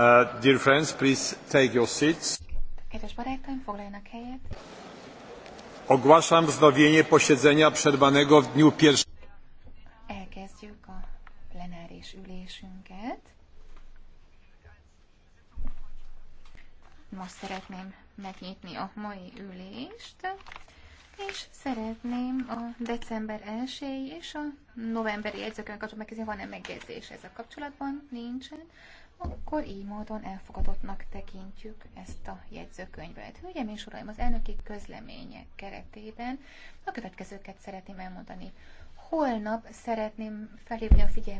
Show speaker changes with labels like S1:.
S1: Uh, dear friends, please take your seats.
S2: Kedves barátaim, foglaljanak helyet.
S1: Ogłaszam wznowienie posiedzenia
S3: przerwanego w dniu pierwszym.
S4: Elkezdjük a plenáris ülésünket. Most szeretném megnyitni a mai ülést és szeretném a december 1 és a novemberi jegyzőkön kapcsolatban megkérdezni, van-e megjegyzés a kapcsolatban? Nincsen. Akkor így módon elfogadottnak tekintjük ezt a jegyzőkönyvet. Hölgyeim és uraim, az elnöki közlemények keretében a következőket szeretném elmondani. Holnap szeretném felhívni a figyelmet,